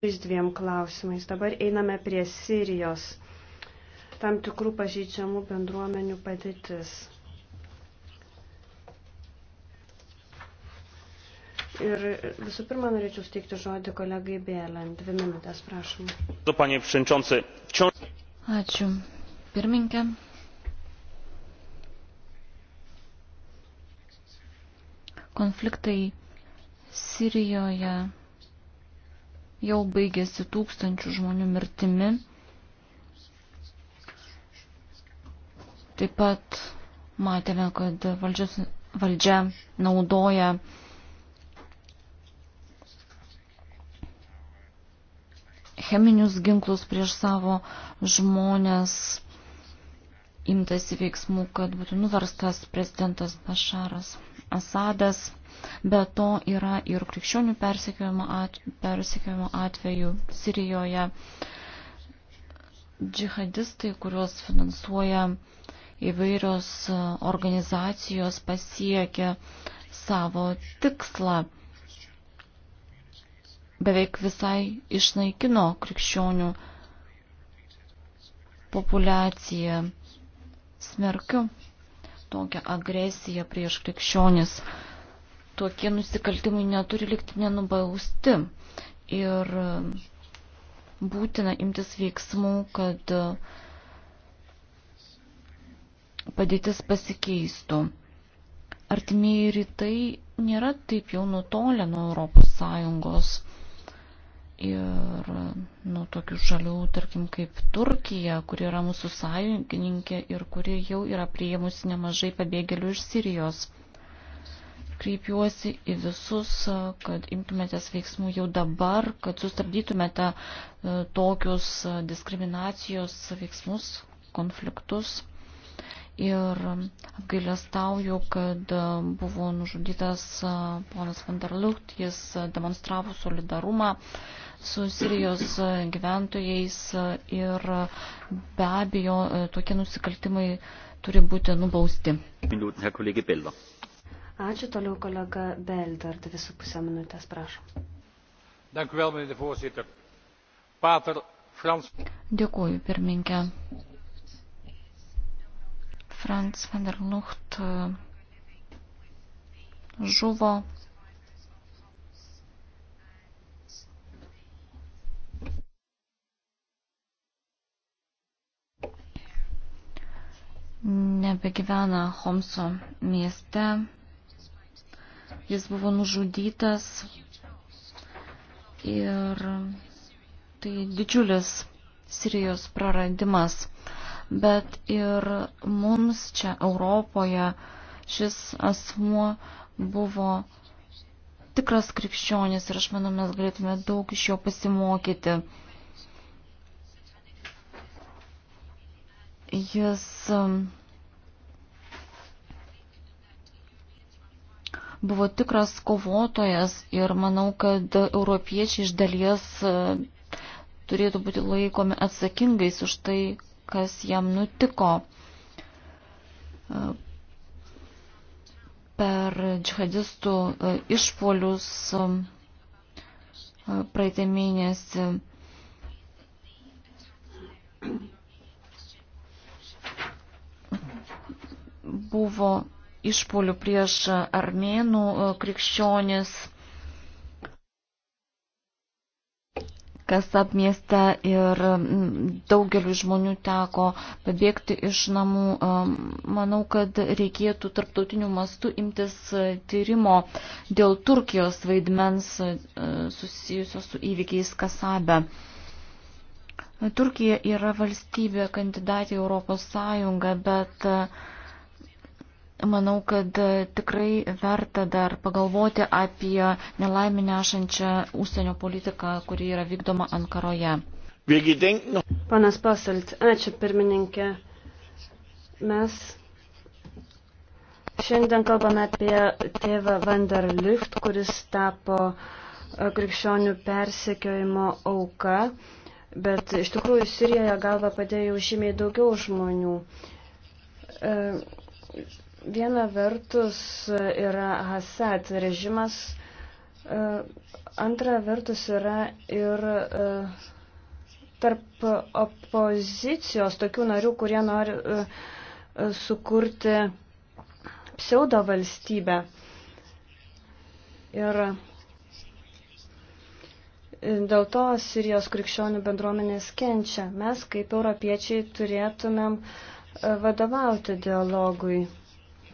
Tais dviem klausimais. Dabar einame prie Sirijos. Tam tikrų pažydžiamų bendruomenių padėtis. Ir visų pirma, norėčiau steikti žodį kolegai Bėlen. Dvi minutės, prašom. Ačiū. Pirminkė. Konfliktai Sirijoje jau baigėsi tūkstančių žmonių mirtimi. Taip pat matėme, kad valdžios, valdžia naudoja cheminius ginklus prieš savo žmonės, imtasi veiksmų, kad būtų nuverstas prezidentas Bašaras. Asadas, be to yra ir krikščionių persekiojimo atveju Sirijoje, džihadistai, kuriuos finansuoja įvairios e, organizacijos pasiekia savo tikslą. Beveik visai išnaikino krikščionių populiaciją. Smerkiu tokią agresiją prieš krikščionis. Tokie nusikaltimai neturi likti nenubausti. Ir um, būtina imtis veiksmų, kad um, padėtis pasikeistų. Artimieji rytai nėra taip jau nutolę nuo Europos Sąjungos. Ir nuo tokių šalių, tarkim, kaip Turkija, kuri yra mūsų sąjungininkė ir kuri jau yra priėmusi nemažai pabėgėlių iš Sirijos. Kreipiuosi į visus, kad imtumėtės veiksmų jau dabar, kad sustabdytumėte e, tokius e, diskriminacijos veiksmus, konfliktus ir apgailestauju, kad buvo nužudytas ponas Vanderlucht, jis demonstravo solidarumą su Sirijos gyventojais ir be abejo tokie nusikaltimai turi būti nubausti. Ačiū toliau kolega Belder, dvi su pusę minutės, prašom. Dank u wel, meneer de voorzitter. Pater Frans. Dėkuoju, pirmininkė. Franz van der Lucht e, žuvo. Nebegyvena Homso mieste. Jis buvo nužudytas ir tai didžiulis Sirijos praradimas bet ir mums čia Europoje šis asmuo buvo tikras krikščionis ir aš manau, mes galėtume daug iš jo pasimokyti. Jis um, buvo tikras kovotojas ir manau, kad europiečiai iš dalies uh, turėtų būti laikomi atsakingais už tai, kas jam nutiko. Per džihadistų e, išpolius e, praeitą mėnesį buvo išpolių prieš armėnų e, krikščionis kas apmieste ir mm, daugeliu žmonių teko pabėgti iš namų. Manau, kad reikėtų tarptautiniu mastu imtis tyrimo dėl Turkijos vaidmens susijusios su įvykiais Kasabe. Turkija yra valstybė kandidatė Europos Sąjunga, bet uh, Manau, kad e, tikrai verta dar pagalvoti apie nelaimį nešančią užsienio politiką, kuri yra vykdoma Ankaroje. Nu. Panas Pasalt, ačiū pirmininkė. Mes šiandien kalbame apie tėvą Vanderlicht, kuris tapo e, krikščionių persekiojimo auka, bet iš tikrųjų Sirijoje galva padėjo žymiai daugiau žmonių. E, Viena vertus yra Hasad režimas, e, antra vertus yra ir e, tarp opozicijos tokių narių, kurie nori e, sukurti pseudo valstybę. Ir dėl to Sirijos krikščionių bendruomenės kenčia. Mes kaip europiečiai turėtumėm vadovauti dialogui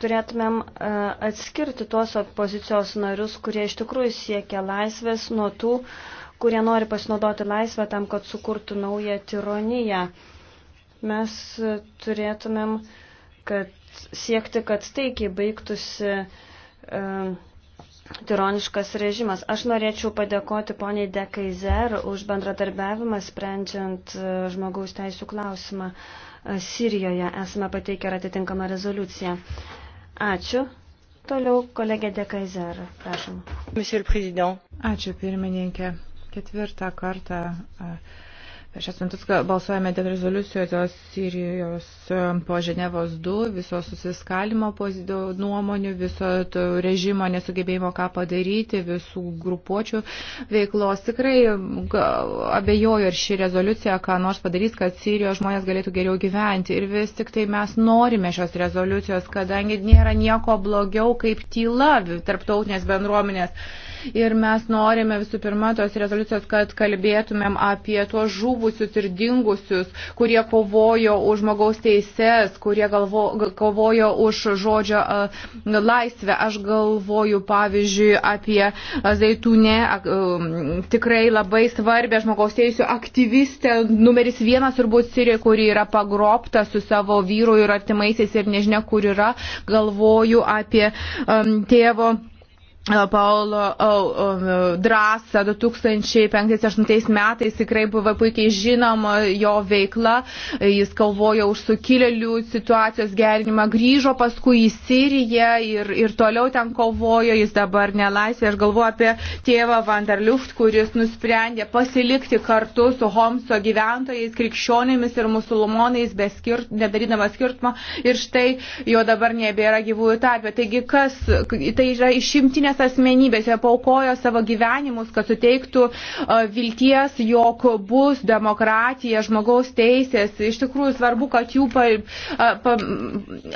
turėtumėm e, atskirti tuos opozicijos narius, kurie iš tikrųjų siekia laisvės nuo tų, kurie nori pasinaudoti laisvę tam, kad sukurtų naują tyroniją. Mes turėtumėm kad siekti, kad taikiai baigtųsi e, tironiškas režimas. Aš norėčiau padėkoti poniai Dekaizer už bendradarbiavimą sprendžiant e, žmogaus teisų klausimą e, Sirijoje. Esame pateikę ir atitinkamą rezoliuciją. E, Ačiū. Toliau kolegė Dekaizer, prašom. Ačiū pirmininkė. Ketvirtą kartą. Uh, Per šias mintis balsuojame dėl rezoliucijos dėl Sirijos e, po Ženevos 2, viso susiskalimo nuomonių, viso režimo nesugebėjimo ką padaryti, visų grupuočių veiklos. Tikrai abejoju, ar ši rezoliucija ką nors padarys, kad Sirijos žmonės galėtų geriau gyventi. Ir vis tik tai mes norime šios rezoliucijos, kadangi nėra nieko blogiau kaip tyla tarptautinės bendruomenės. Ir mes norime visų pirma tos rezoliucijos, kad kalbėtumėm apie tuos žuvų žuvusius ir dingusius, kurie kovojo už žmogaus teises, kurie galvo, kovojo už žodžio laisvę. Aš galvoju, pavyzdžiui, apie Zaitūnę, um, tikrai labai svarbę žmogaus teisų aktyvistę, numeris vienas turbūt Sirija, kuri yra pagrobta su savo vyru ir artimaisiais ir nežinia, kur yra. Galvoju apie um, tėvo. Paulo oh, oh, drąsą 2005-2008 metais tikrai buvo puikiai žinoma jo veikla. Jis kovojo už sukilėlių situacijos gerinimą, grįžo paskui į Siriją ir, ir toliau ten kovojo. Jis dabar nelaisvė. Aš galvoju apie tėvą Vanderliuft, kuris nusprendė pasilikti kartu su Homso gyventojais, krikščionėmis ir musulmonais, skirt, nedarydamas skirtumą. Ir štai jo dabar nebėra gyvųjų tarpė. Taigi, kas, tai yra išimtinė išskirtinės asmenybės, jie paukojo savo gyvenimus, kad suteiktų e, vilties, jog bus demokratija, žmogaus teisės. Iš tikrųjų svarbu, kad jų pa, e, pa,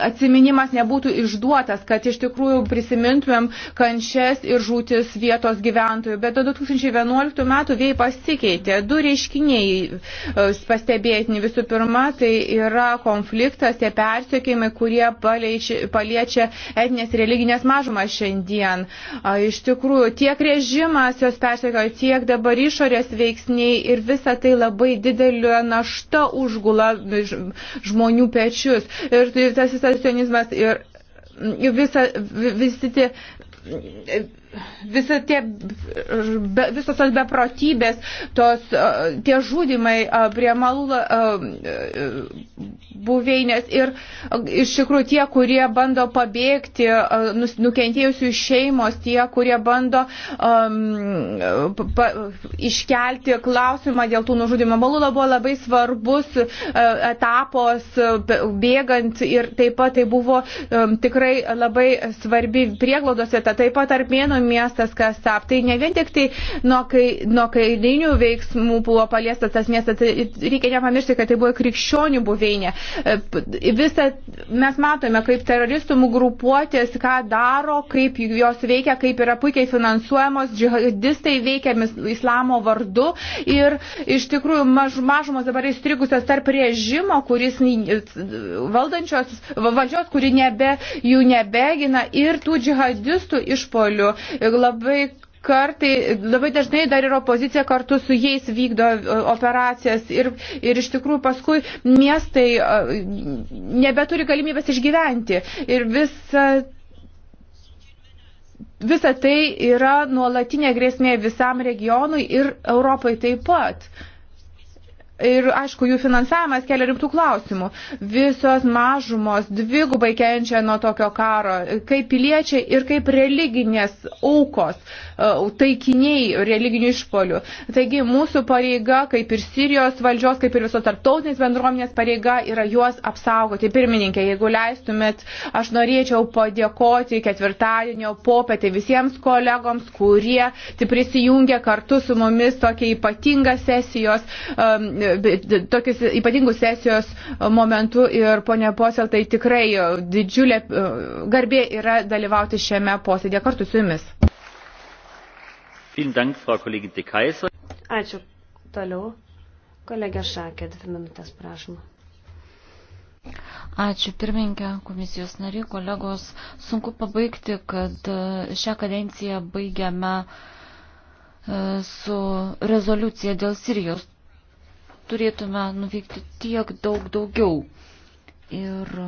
atsiminimas nebūtų išduotas, kad iš tikrųjų prisimintumėm kančias ir žūtis vietos gyventojų. Bet 2011 metų vėjai pasikeitė. Du reiškiniai e, pastebėtini. Visų pirma, tai yra konfliktas, tie persiekimai, kurie paliečia etnės religinės mažumas šiandien. Iš tikrųjų, tiek režimas jos persekioja, tiek dabar išorės veiksniai ir visa tai labai didelė našta užgula žmonių pečius. Ir tas visas sionizmas ir visa, visi tie visi tie, visos tos beprotybės, tos, e, tie žudimai e, prie malų e, buveinės ir iš tikrųjų tie, kurie bando pabėgti, nukentėjusių šeimos, tie, kurie bando um, pa, iškelti klausimą dėl tų nužudimų. Malula buvo labai svarbus etapas bėgant ir taip pat tai buvo um, tikrai labai svarbi prieglaudos vieta, taip pat armėnų mano miestas Kasap. Tai ne vien tik tai nuo, kai, nuo kairinių veiksmų buvo paliestas tas miestas, tai reikia nepamiršti, kad tai buvo krikščionių buveinė. E, visa, mes matome, kaip teroristų grupuotės, ką daro, kaip jos veikia, kaip yra puikiai finansuojamos, džihadistai veikia islamo vardu ir iš tikrųjų maž, mažumos dabar įstrigusios tarp režimo, kuris valdančios valdžios, kuri nebe, jų nebegina ir tų džihadistų išpolių labai kartai, labai dažnai dar ir opozicija kartu su jais vykdo e, operacijas ir, ir iš tikrųjų paskui miestai e, nebeturi galimybės išgyventi. Ir visa, visa tai yra nuolatinė grėsmė visam regionui ir Europai taip pat. Ir aišku, jų finansavimas kelia rimtų klausimų. Visos mažumos dvigubai kenčia nuo tokio karo, kaip piliečiai ir kaip religinės aukos, e, taikiniai religinių išpolių. Taigi mūsų pareiga, kaip ir Sirijos valdžios, kaip ir visos tarptautinės bendruomenės pareiga yra juos apsaugoti. Pirmininkė, jeigu leistumėt, aš norėčiau padėkoti ketvirtadienio popietį visiems kolegoms, kurie prisijungė kartu su mumis tokia ypatinga sesijos. Um, tokius ypatingus sesijos momentu ir ponia Posel, tai tikrai e, didžiulė e, garbė yra dalyvauti šiame posėdėje kartu su jumis. Ačiū. Toliau. Kolegė Šakė, dvi minutės, prašom. Ačiū pirmininkė, komisijos nariai, kolegos. Sunku pabaigti, kad e, šią kadenciją baigiame su rezoliucija dėl Sirijos turėtume nuveikti tiek daug daugiau. Ir e,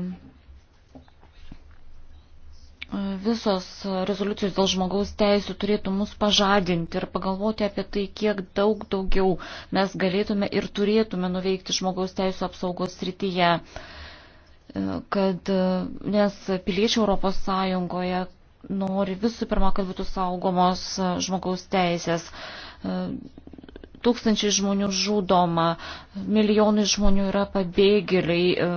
visos rezoliucijos dėl žmogaus teisų turėtų mus pažadinti ir pagalvoti apie tai, kiek daug daugiau mes galėtume ir turėtume nuveikti žmogaus teisų apsaugos srityje. E, kad, e, nes piliečiai Europos Sąjungoje nori visų pirma, kad būtų saugomos žmogaus teisės tūkstančiai žmonių žudoma, milijonai žmonių yra pabėgėliai, e,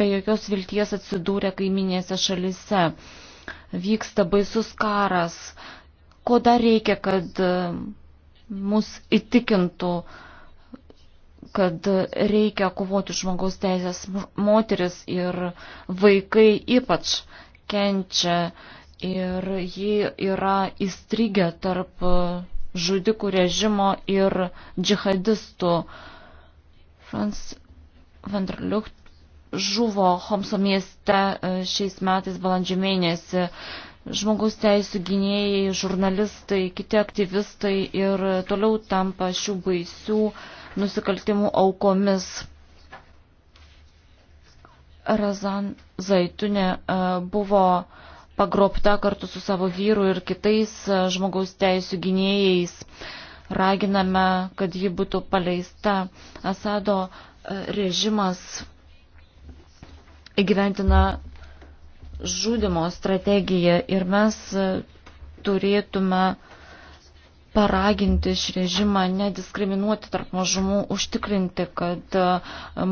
be jokios vilties atsidūrė kaiminėse šalise, vyksta baisus karas. Ko dar reikia, kad e, mus įtikintų, kad reikia kovoti žmogaus teisės moteris ir vaikai ypač kenčia ir ji yra įstrigę tarp žudikų režimo ir džihadistų. Franz Vanderliucht žuvo Homso mieste e, šiais metais balandžio mėnesį. Žmogaus teisų gynėjai, žurnalistai, kiti aktyvistai ir toliau tampa šių baisių nusikaltimų aukomis. Razan Zaitunė e, buvo uh, pagrobta kartu su savo vyru ir kitais e, žmogaus teisų gynėjais. Raginame, kad ji būtų paleista. Asado e, režimas įgyventina žudimo strategiją ir mes e, turėtume uh, paraginti šį režimą nediskriminuoti tarp mažumų, užtikrinti, kad e,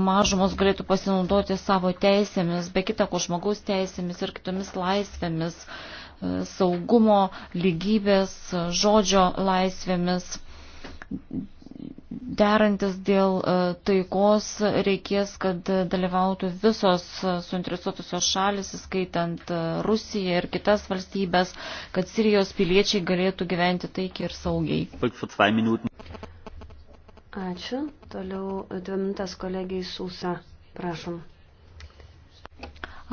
mažumos galėtų pasinaudoti savo teisėmis, be kitako žmogaus teisėmis ir kitomis laisvėmis, e, saugumo, lygybės, žodžio laisvėmis derantis dėl e, taikos reikės, kad dalyvautų visos e, suinteresuotusios šalis, skaitant e, Rusiją ir kitas valstybės, kad Sirijos piliečiai galėtų gyventi taikiai ir saugiai. Ačiū. Toliau dvi minutės kolegijai Sūsa. Prašom.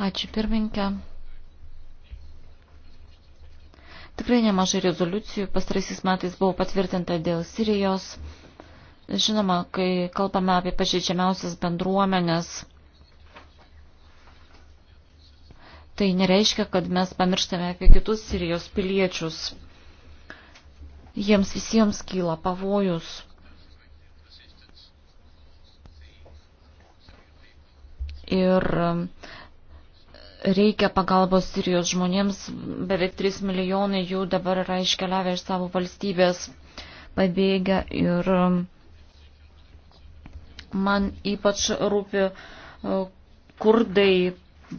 Ačiū pirmininkė. Tikrai nemažai rezoliucijų pastaraisiais metais buvo patvirtinta dėl Sirijos. Žinoma, kai kalbame apie pažeidžiamiausias bendruomenės, tai nereiškia, kad mes pamirštame apie kitus Sirijos piliečius. Jiems visiems kyla pavojus. Ir um, reikia pagalbos Sirijos žmonėms. Beveik 3 milijonai jų dabar yra iškeliavę iš savo valstybės, pabėgę ir um, Man ypač rūpi e, kurdai,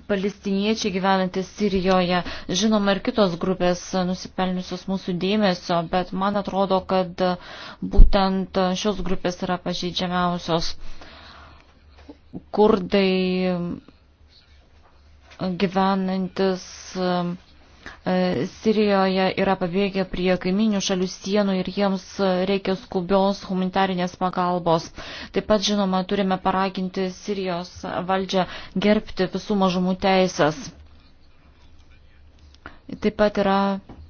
palestiniečiai gyvenantys Sirijoje, žinoma ir kitos grupės nusipelniusios mūsų dėmesio, bet man atrodo, kad būtent šios grupės yra pažeidžiamiausios. Kurdai gyvenantis E, Sirijoje yra pabėgę prie kaiminių šalių sienų ir jiems reikia skubios humanitarinės pagalbos. Taip pat, žinoma, turime paraginti Sirijos valdžią gerbti visų mažumų teisės. Taip pat yra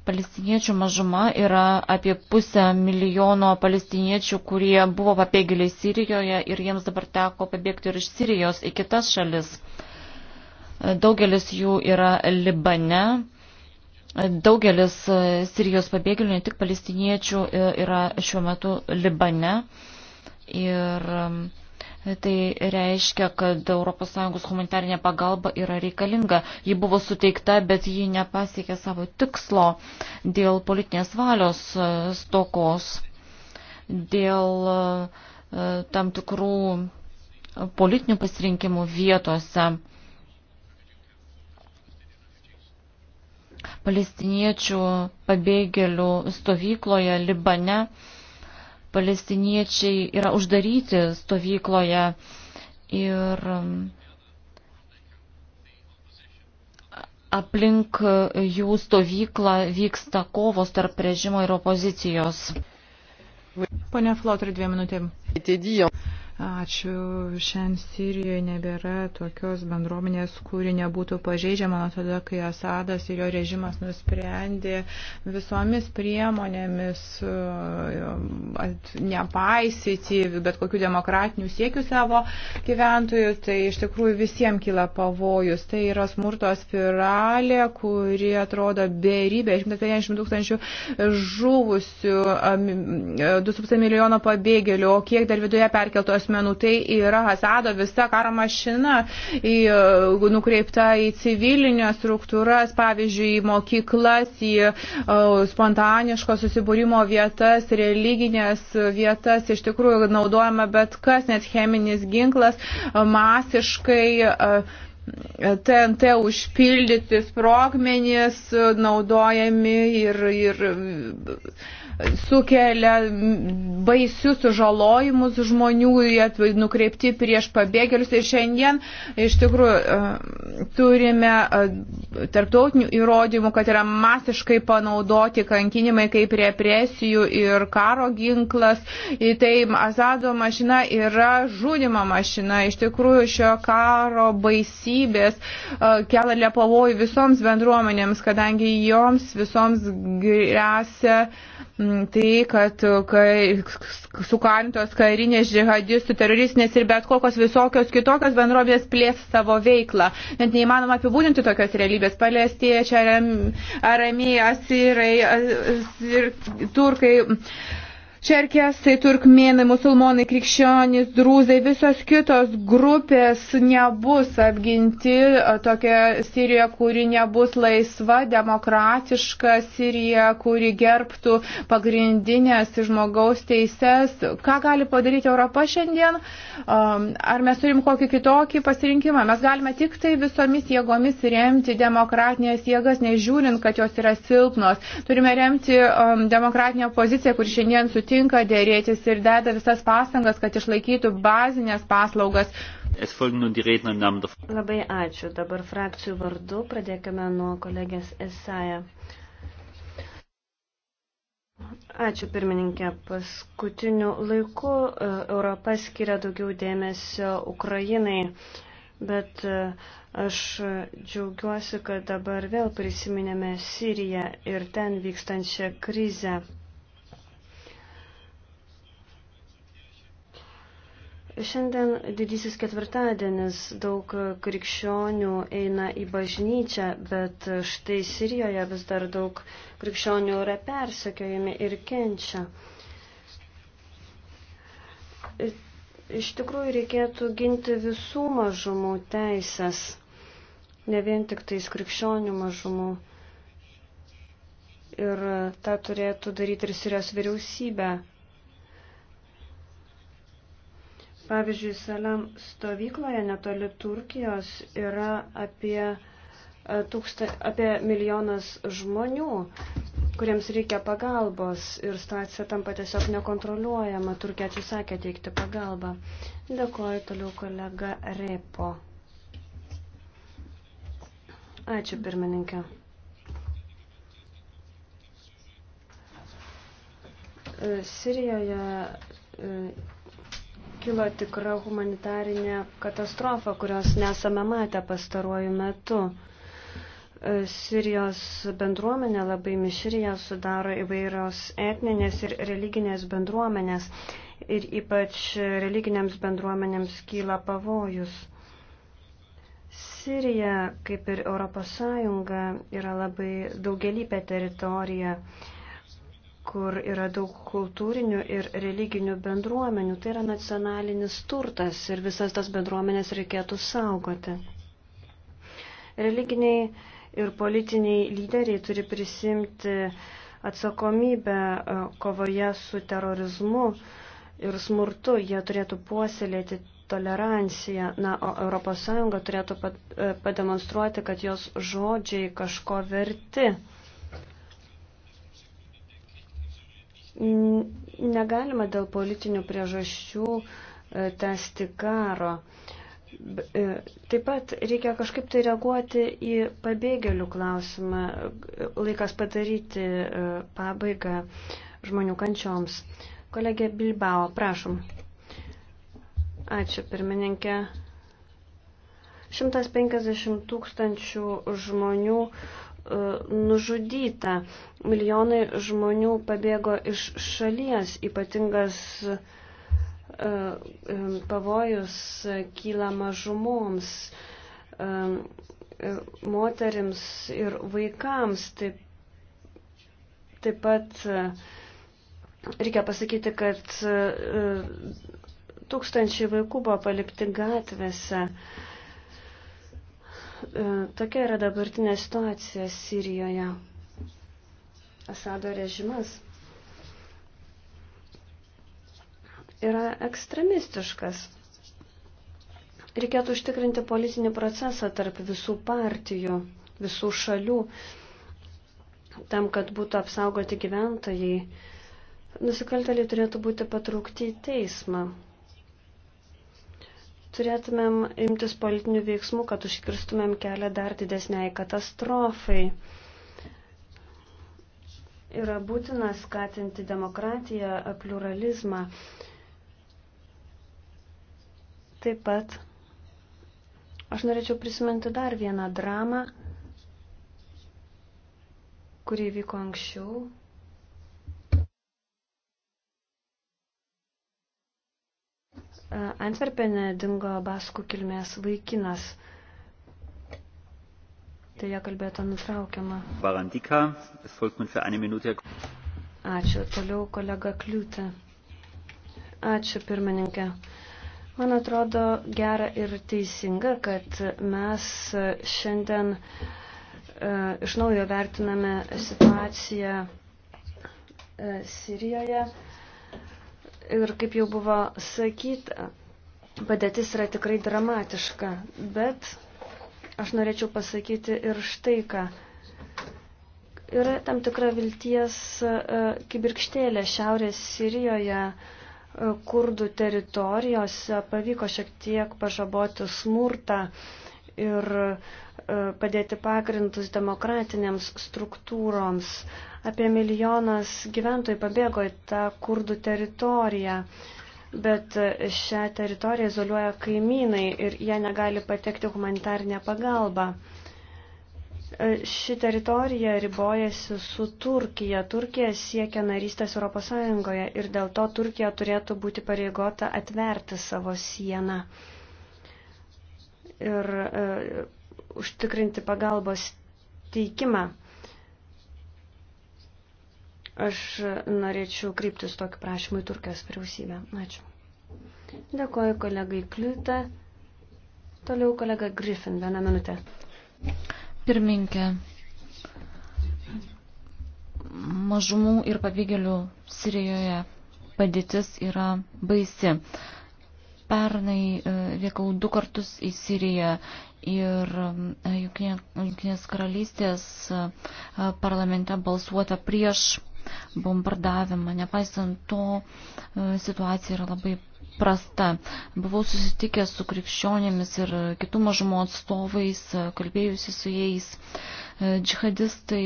palestiniečių mažuma, yra apie pusę milijono palestiniečių, kurie buvo pabėgėliai Sirijoje ir jiems dabar teko pabėgti ir iš Sirijos į kitas šalis. Daugelis jų yra Libane Daugelis e, Sirijos pabėgėlių, ne tik palestiniečių, e, yra šiuo metu Libane. Ir e, tai reiškia, kad ES humanitarinė pagalba yra reikalinga. Ji buvo suteikta, bet ji nepasiekė savo tikslo dėl politinės valios stokos, dėl tam tikrų politinių pasirinkimų vietose palestiniečių pabėgėlių stovykloje Libane. Palestiniečiai yra uždaryti stovykloje ir um, aplink jų stovyklą vyksta kovos tarp režimo ir opozicijos. Pone Flotri, dviem minutėm. Ačiū. Šiandien Sirijoje nebėra tokios bendruomenės, kuri nebūtų pažeidžiama nuo tada, kai Asadas ir jo režimas nusprendė visomis priemonėmis uh, nepaisyti bet kokių demokratinių siekių savo gyventojų. Tai iš tikrųjų visiems kyla pavojus. Tai yra smurto spiralė, kuri atrodo beribė. 150 tūkstančių žuvusių, 2,5 e, milijono pabėgėlių, o kiek dar viduje perkeltos asmenų. Tai yra Azado visa karo mašina į, e, nukreipta į civilinės struktūras, pavyzdžiui, į mokyklas, į uh, spontaniško susibūrimo vietas, religinės vietas. Iš tikrųjų, naudojama bet kas, net cheminis ginklas, e, masiškai. Uh, TNT užpildyti sprogmenys naudojami ir, ir sukelia baisius sužalojimus žmonių, jie nukreipti prieš pabėgėlius. Ir šiandien iš tikrųjų e, turime e, tarptautinių įrodymų, kad yra masiškai panaudoti kankinimai kaip represijų ir karo ginklas. Ir tai Azado mašina yra žudimo mašina. Iš tikrųjų šio karo baisybės e, kelia pavojų visoms bendruomenėms, kadangi joms visoms grėsia tai, kad e, kai, sukantos karinės džihadistų, teroristinės ir bet kokios visokios kitokios bendrovės plės savo veiklą. Net neįmanoma apibūdinti tokios realybės. Palestiečiai, aramėjai, asirai, asir, turkai. Čerkesai, turkmėnai, musulmonai, krikščionys, drūzai, visos kitos grupės nebus apginti tokia Sirija, kuri nebus laisva, demokratiška Sirija, kuri gerbtų pagrindinės žmogaus teises. Ką gali padaryti Europa šiandien? Um, ar mes turim kokį kitokį pasirinkimą? Mes galime tik tai visomis jėgomis remti demokratinės jėgas, nežiūrint, kad jos yra silpnos. Turime remti um, demokratinę poziciją, kur šiandien sutikime sutinka dėrėtis ir deda visas pastangas, kad išlaikytų bazinės paslaugas. Labai ačiū. Dabar frakcijų vardu pradėkime nuo kolegės Esaja. Ačiū pirmininkė. Paskutiniu laiku e, Europa skiria daugiau dėmesio Ukrainai, bet e, aš džiaugiuosi, kad dabar vėl prisiminėme Siriją ir ten vykstančią krizę. Šiandien didysis ketvirtadienis daug krikščionių eina į bažnyčią, bet štai Sirijoje vis dar daug krikščionių yra persekiojami ir kenčia. Iš tikrųjų reikėtų ginti visų mažumų teisės, ne vien tik tais krikščionių mažumų. Ir tą turėtų daryti ir Sirijos vyriausybė. Pavyzdžiui, Salam stovykloje netoli Turkijos yra apie, e, tūksta, apie milijonas žmonių, kuriems reikia pagalbos ir situacija tampa tiesiog nekontroliuojama. Turkija atsisakė teikti pagalbą. Dėkoju toliau kolega Repo. Ačiū pirmininkė. E, Sirijoje e, kilo tikra humanitarinė katastrofa, kurios nesame matę pastaruoju metu. E, Sirijos bendruomenė labai mišrija sudaro įvairios etninės ir religinės bendruomenės ir ypač religinėms bendruomenėms kyla pavojus. Sirija, kaip ir Europos Sąjunga, yra labai daugelįpė teritorija kur yra daug kultūrinių ir religinių bendruomenių. Tai yra nacionalinis turtas ir visas tas bendruomenės reikėtų saugoti. Religiniai ir politiniai lyderiai turi prisimti atsakomybę e, kovoje su terorizmu ir smurtu. Jie turėtų puoselėti toleranciją. Na, o ES turėtų e, pademonstruoti, kad jos žodžiai kažko verti. Negalima dėl politinių priežasčių e, tęsti karo. E, taip pat reikia kažkaip tai reaguoti į pabėgėlių klausimą, e, laikas padaryti pabaigą žmonių kančioms. Kolegė Bilbao, prašom. Ačiū, pirmininkė. 150 tūkstančių žmonių E, nužudyta. Milijonai žmonių pabėgo iš šalies. Ypatingas e, e, pavojus kyla mažumoms, moterims ir vaikams. Taip, taip pat reikia pasakyti, kad tūkstančiai vaikų buvo palikti gatvėse. E, tokia yra dabartinė situacija Sirijoje. Asado režimas yra ekstremistiškas. Reikėtų užtikrinti politinį procesą tarp visų partijų, visų šalių, tam, kad būtų apsaugoti gyventojai. Nusikalteliai turėtų būti patraukti į teismą turėtumėm imtis politinių veiksmų, kad užkirstumėm kelią dar didesniai katastrofai. Yra būtina skatinti demokratiją, pluralizmą. Taip pat aš norėčiau prisiminti dar vieną dramą, kurį vyko anksčiau Antverpenė dingo baskų kilmės vaikinas. Tai ją kalbėta nutraukiama. Barandika, es folgt man für eine Minute. Ačiū. Toliau kolega Kliūtė. Ačiū, pirmininkė. Man atrodo gera ir teisinga, kad mes šiandien e, iš naujo vertiname situaciją e, Sirijoje. Ir kaip jau buvo sakyta, padėtis yra tikrai dramatiška, bet aš norėčiau pasakyti ir štai ką. Yra tam tikra vilties e, kibirkštėlė Šiaurės Sirijoje, e, kurdų teritorijose pavyko šiek tiek pažaboti smurtą ir e, padėti pagrindus demokratinėms struktūroms. Apie milijonas gyventojų pabėgo į tą kurdų teritoriją, bet šią teritoriją izoliuoja kaimynai ir jie negali patekti humanitarnę pagalbą. Ši teritorija ribojasi su Turkija. Turkija siekia narystės ES ir dėl to Turkija turėtų būti pareigota atverti savo sieną ir e, užtikrinti pagalbos teikimą. Aš norėčiau kryptis tokį prašymą į Turkijos vyriausybę. Ačiū. Dėkoju kolegai Kliūtą. Toliau kolega Griffin, vieną minutę. Pirminkė, mažumų ir pabėgėlių Sirijoje padėtis yra baisi. Pernai e, vykau du kartus į Siriją ir e, Jukinės karalystės e, parlamente balsuota prieš bombardavimą. Nepaisant to, e, situacija yra labai prasta. Buvau susitikęs su krikščionėmis ir kitų mažumo atstovais, e, kalbėjusi su jais. E, džihadistai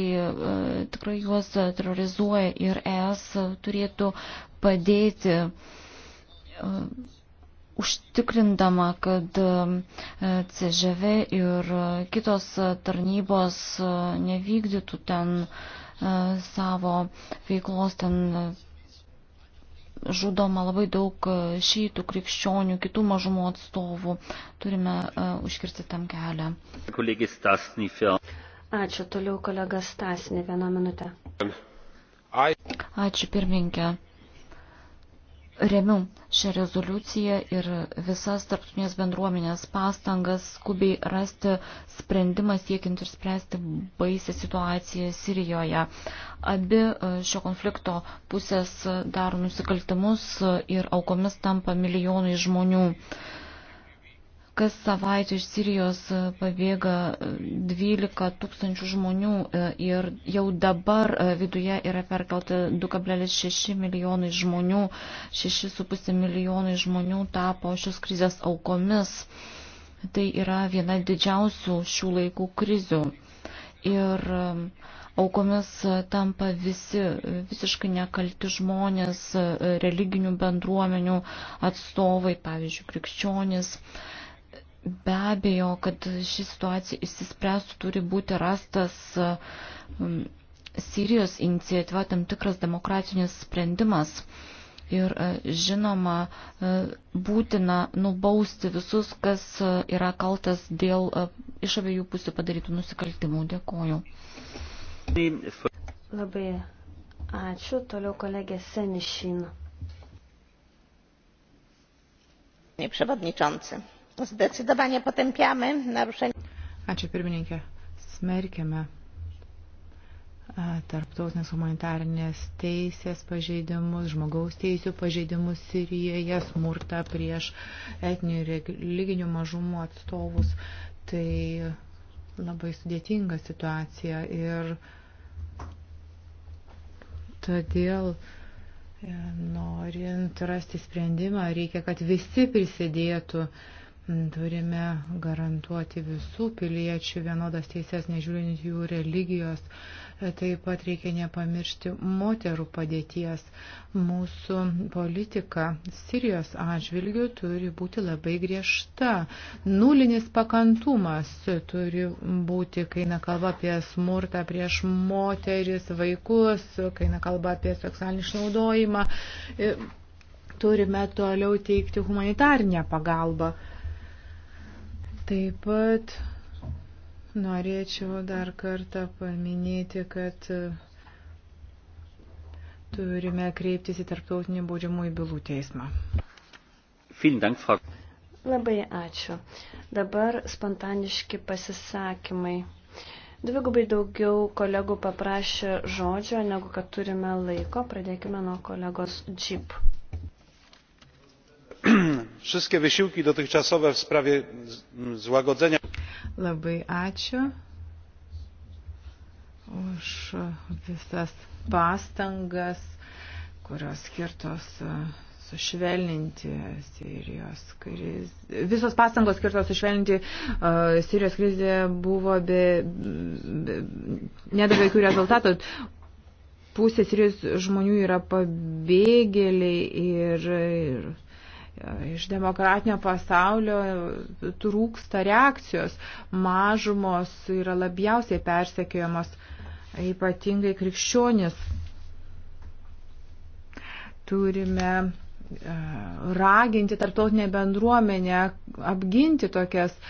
tikrai juos terrorizuoja ir ES turėtų padėti užtikrindama, kad CŽV ir kitos tarnybos nevykdytų ten uh, E, savo veiklos ten e, žudoma labai daug e, šytų, krikščionių, kitų mažumų atstovų. Turime užkirsti tam kelią. Ačiū toliau kolega Stasni, vieną minutę. Ačiū pirmininkė. Remiu šią rezoliuciją ir visas tarptautinės bendruomenės pastangas skubiai rasti sprendimą siekiant ir spręsti baisę situaciją Sirijoje. Abi e, šio konflikto pusės daro nusikaltimus ir aukomis tampa milijonai žmonių. Kas savaitę iš Sirijos e, pabėga 12 e, tūkstančių žmonių e, ir jau dabar viduje yra perkelta 2,6 milijonai žmonių, 6,5 milijonai žmonių tapo šios krizės aukomis. Tai yra viena didžiausių šių laikų krizių. Ir aukomis tampa visi visiškai nekalti žmonės, religinių bendruomenių atstovai, pavyzdžiui, krikščionis. Be abejo, kad ši situacija įsispręstų, turi būti rastas um, Sirijos inicijatyva tam tikras demokratinis sprendimas. Ir e, žinoma, e, būtina nubausti visus, kas e, yra kaltas dėl iš abiejų pusių padarytų nusikaltimų. Dėkoju. Labai ačiū. Toliau kolegė Senišin. Nie przewodniczący. Zdecydowanie potępiamy naruszenie. Ačiū pirmininkė. Smerkėme e, tarptautinės humanitarinės teisės pažeidimus, žmogaus teisų pažeidimus Sirijoje, smurtą prieš etinių ir religinių mažumų atstovus. Tai labai sudėtinga situacija ir todėl e, norint rasti sprendimą reikia, kad visi prisidėtų uh, Turime garantuoti visų piliečių vienodas teisės, nežiūrint jų religijos. Taip pat reikia nepamiršti moterų padėties. Mūsų politika Sirijos atžvilgių turi būti labai griežta. Nulinis pakantumas turi būti, kai na kalba apie smurtą prieš moteris, vaikus, kai na kalba apie seksualinį išnaudojimą turime toliau teikti humanitarnę pagalbą. Taip pat norėčiau dar kartą paminėti, kad turime kreiptis į tarptautinį baudžiamųjų bylų teismą. Labai ačiū. Dabar spontaniški pasisakymai. Dvigubai daugiau kolegų paprašė žodžio, negu kad turime laiko. Pradėkime nuo kolegos Džip wszystkie wysiłki dotychczasowe w sprawie złagodzenia. labai ačiū už visas pastangas kurios skirtos e, sušvelninti Sirijos krizę. Visos pastangos skirtos sušvelninti uh, Sirijos krizę buvo be, be, nedavė jokių rezultatų. Pusė Sirijos žmonių yra pabėgėliai ir, ir iš demokratinio pasaulio trūksta reakcijos. Mažumos yra labiausiai persekiojamos, ypatingai krikščionis. Turime e, raginti tarptautinę bendruomenę apginti tokias e,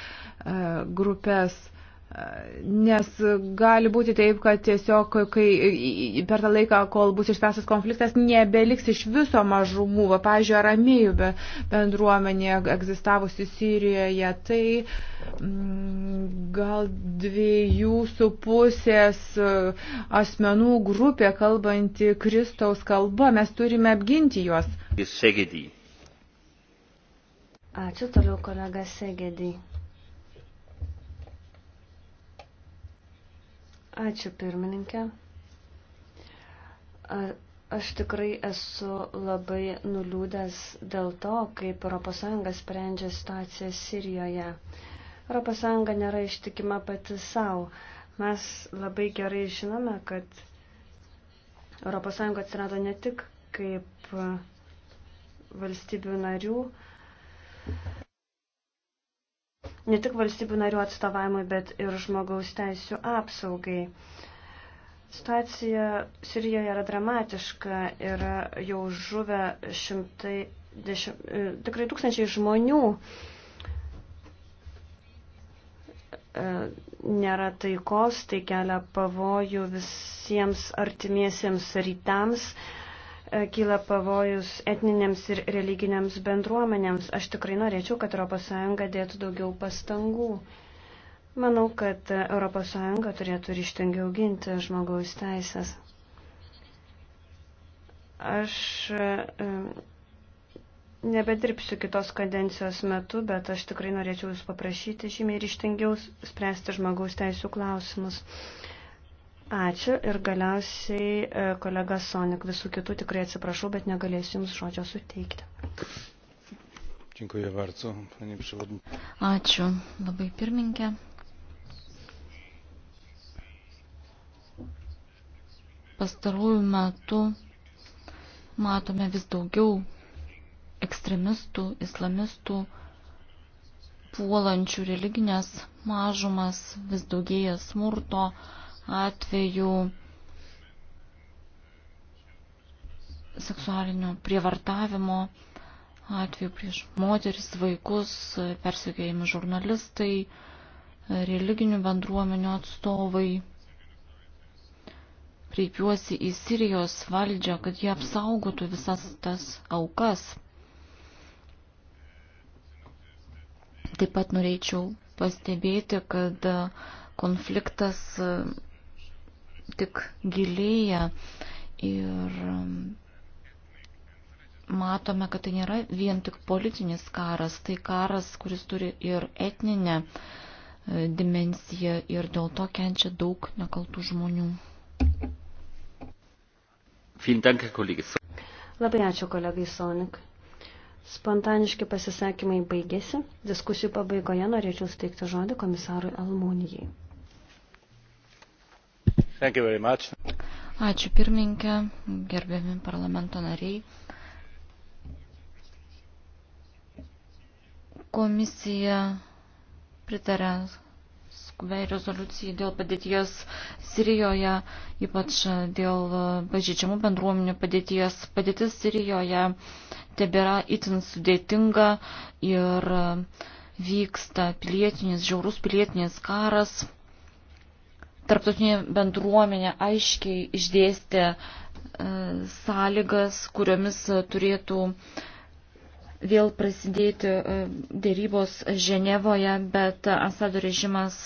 grupės Nes gali būti taip, kad tiesiog kai, per tą laiką, kol bus išspręstas konfliktas, nebeliks iš viso mažumų. Va, pavyzdžiui, aramėjų be bendruomenė egzistavusi Sirijoje, tai m, mm, gal dviejų su pusės uh, asmenų grupė kalbanti Kristaus kalba. Mes turime apginti juos. Ačiū toliau, kolega Segedį. Ačiū pirmininkė. Aš tikrai esu labai nuliūdęs dėl to, kaip ES sprendžia situaciją Sirijoje. ES nėra ištikima pati savo. Mes labai gerai žinome, kad ES atsirado ne tik kaip valstybių narių ne tik valstybių narių atstovavimui, bet ir žmogaus teisų apsaugai. Situacija Sirijoje yra dramatiška, yra jau žuvę šimtai, dešimt, e, tikrai tūkstančiai žmonių. E, nėra taikos, tai kelia pavojų visiems artimiesiems rytams, E, kyla pavojus etninėms ir religinėms bendruomenėms. Aš tikrai norėčiau, kad ES dėtų daugiau pastangų. Manau, kad ES turėtų ryštingiau ginti žmogaus teisės. Aš e, nebedirbsiu kitos kadencijos metu, bet aš tikrai norėčiau Jūs paprašyti žymiai ryštingiau spręsti žmogaus teisų klausimus. Ačiū ir galiausiai e, kolega Sonik, visų kitų tikrai atsiprašau, bet negalėsiu Jums žodžio suteikti. Dziękuję bardzo, panie przewodniczący. Ačiū labai pirmininkė. Pastarųjų metų matome vis daugiau ekstremistų, islamistų, puolančių religinės mažumas, vis daugėja smurto, atveju seksualinio prievartavimo atveju prieš moteris, vaikus, persikėjami žurnalistai, religinių bendruomenių atstovai. Kreipiuosi į Sirijos valdžią, kad jie apsaugotų visas tas aukas. Taip pat norėčiau pastebėti, kad konfliktas tik gilėja ir um, matome, kad tai nėra vien tik politinis karas, tai karas, kuris turi ir etninę e, dimensiją ir dėl to kenčia daug nekaltų žmonių. Labai ačiū kolegai Sonik. Spontaniški pasisakymai baigėsi. Diskusijų pabaigoje norėčiau steigti žodį komisarui Almūnijai. Ačiū pirmininkė, gerbiami parlamento nariai. Komisija pritarė skubiai rezoliucijai dėl padėties Sirijoje, ypač dėl pažydžiamų bendruomenių padėties. Padėtis Sirijoje tebėra itin sudėtinga ir vyksta pilietinis, žiaurus pilietinis karas tarptautinė bendruomenė aiškiai išdėstė e, sąlygas, kuriomis e, turėtų e, vėl prasidėti dėrybos Ženevoje, bet Asado režimas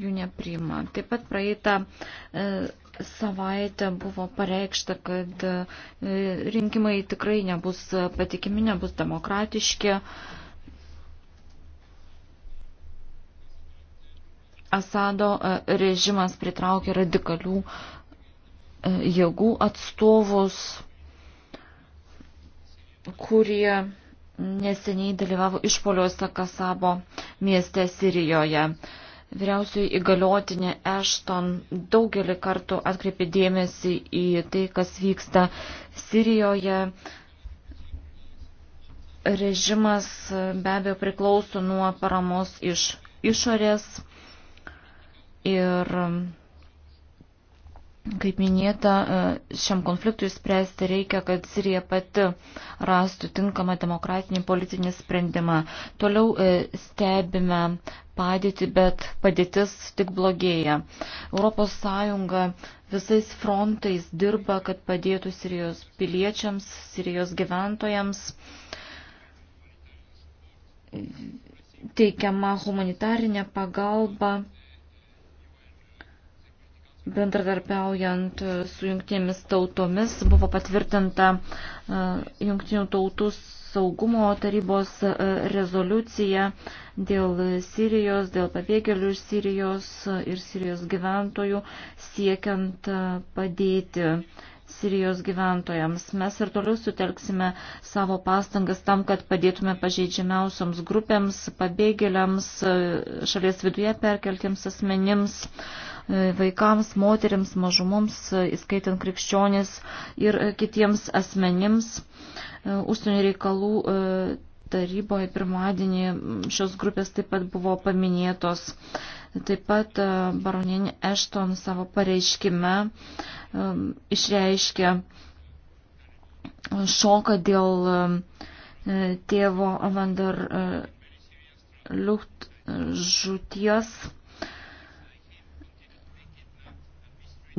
jų nepriima. Taip pat praeitą savaitę buvo pareikšta, kad rinkimai tikrai nebus patikimi, nebus demokratiški. Asado e, režimas pritraukė radikalių e, jėgų atstovus, kurie neseniai dalyvavo išpoliuose Kasabo mieste Sirijoje. Vyriausiai įgaliotinė Ešton daugelį kartų atkreipė dėmesį į tai, kas vyksta Sirijoje. Režimas be abejo priklauso nuo paramos iš išorės Ir Kaip minėta, šiam konfliktui spręsti reikia, kad Sirija pati rastų tinkamą demokratinį politinį sprendimą. Toliau e, stebime padėtį, bet padėtis tik blogėja. ES visais frontais dirba, kad padėtų Sirijos piliečiams, Sirijos gyventojams. Teikiama humanitarinė pagalba bendradarbiaujant su jungtinėmis tautomis buvo patvirtinta e, jungtinių tautų saugumo tarybos e, rezoliucija dėl Sirijos, dėl pabėgėlių iš Sirijos ir Sirijos gyventojų siekiant e, padėti Sirijos gyventojams. Mes ir toliau sutelksime savo pastangas tam, kad padėtume pažeidžiamiausioms grupėms, pabėgėliams, šalies viduje perkeltiems asmenims, vaikams, moteriams, mažumoms, įskaitant krikščionis ir kitiems asmenims. Užsienio reikalų e, taryboje pirmadienį šios grupės taip pat buvo paminėtos. Taip pat e, baroninė Ešton savo pareiškime e, išreiškė šoką dėl tėvo Van der Lucht žūties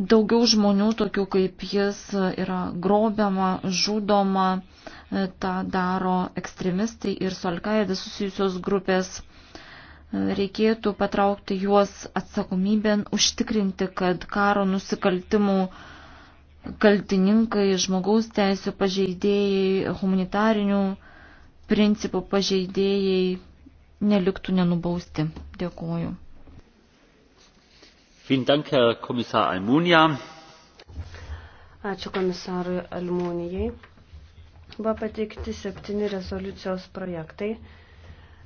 daugiau žmonių, tokių kaip jis, yra grobiama, žudoma, e, tą daro ekstremistai ir su Alkaida susijusios grupės. E, reikėtų patraukti juos atsakomybėn, užtikrinti, kad karo nusikaltimų kaltininkai, žmogaus teisų pažeidėjai, humanitarinių principų pažeidėjai neliktų nenubausti. Dėkuoju. Ačiū komisarui Almūnijai. Buvo pateikti septyni rezoliucijos projektai.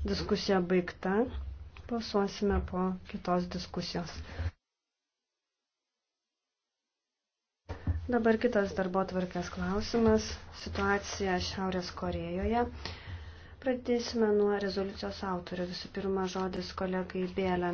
Diskusija baigta. Pasuosime po kitos diskusijos. Dabar kitas darbo tvarkės klausimas. Situacija Šiaurės Korejoje. Pradėsime nuo rezoliucijos autorių. Visų pirma, žodis kolegai Bėlė.